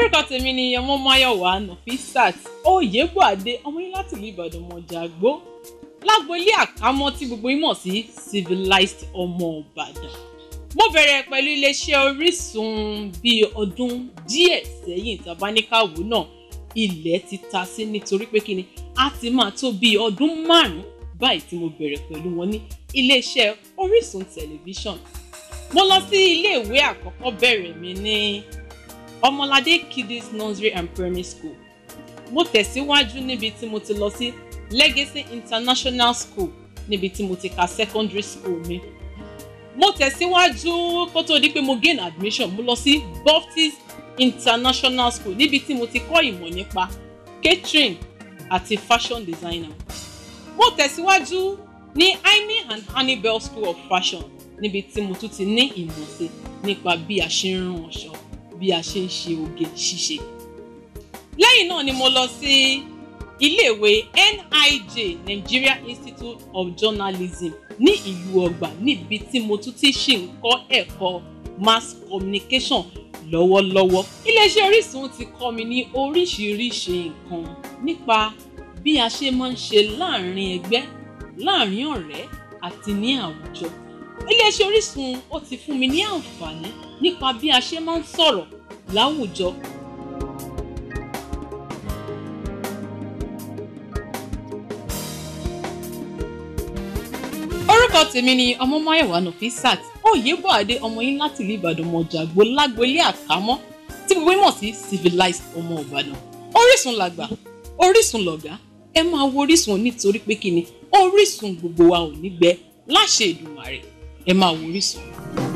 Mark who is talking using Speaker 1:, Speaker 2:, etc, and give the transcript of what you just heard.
Speaker 1: orúkọ tèmi ni ọmọ Máyọ̀wá Nọfisat Oyèbọ̀adé ọmọ yín láti ìlú Ìbàdàn Mọ̀jàgbó lágboolé àkámọ́ tí gbogbo yín mọ̀ sí civilized ọmọ Ìbàdàn mo bẹ̀rẹ̀ pẹ̀lú iléeṣẹ́ Orísun bíi ọdún díẹ̀ sẹ́yìn tabaníkàwò náà ilẹ̀ ti ta sí nítorí pé kíni a ti máa tó bíi ọdún márùn-ún báyìí tí mo bẹ̀rẹ̀ pẹ̀lú wọn ní iléeṣẹ́ Orísun tẹlifíṣàn mo lọ sí ilé ìwé àkọ́kọ́ bẹ̀rẹ̀ mi ní. Ni ọmọládé kiddies nursery and primary school mo tẹ̀síwájú níbi tí mo ti lọ sí legacy international school níbi tí mo ti ka secondary school mi mo tẹ̀síwájú kó tó di pé mo gain admission mo lọ sí Baptist international school níbi tí mo ti kọ́ ìmọ̀ nípa catering àti fashion designer mo tẹ̀síwájú ní Amy and Hannibal school of fashion níbi tí mo tún ti ní ìmọ̀ sí nípa bí a ṣe ń rán aṣọ bí a ṣe ń ṣe oge ṣíṣe. lẹ́yìn náà ni mo lọ sí iléèwé NIJ Nigeria Institute of Journalism ní ìlú ọgbà níbi tí mo tún ti ṣì ń kọ́ ẹ̀kọ́ mass communication lọ́wọ́lọ́wọ́. iléeṣẹ́ Orísun ti kọ́ mi ní oríṣiríṣi nǹkan nípa bí a ṣe máa ń ṣe láàrin ẹgbẹ́ láàrin ọ̀rẹ́ àti ní àwùjọ iléeṣẹ́ Orísun ó ti fún mi ní àǹfààní nípa bí a ṣe máa ń sọ̀rọ̀ láwùjọ. orúkọ tèmi ni ọmọmáyẹ̀wá Nofisat Oyèbọ̀adé ọmọ yín láti ilé Ìbàdàn mọ̀jàgbó lágboolé àkámọ́ tí gbogbo mọ̀ sí civilized ọmọ Ìbàdàn Orísun làgbà Orísun lọ̀gá ẹ máa wo Orísun nítorí pé kí ni Orísun gbogbo wa ò ní gbẹ láṣẹ Èdùmàrè. Emaús. É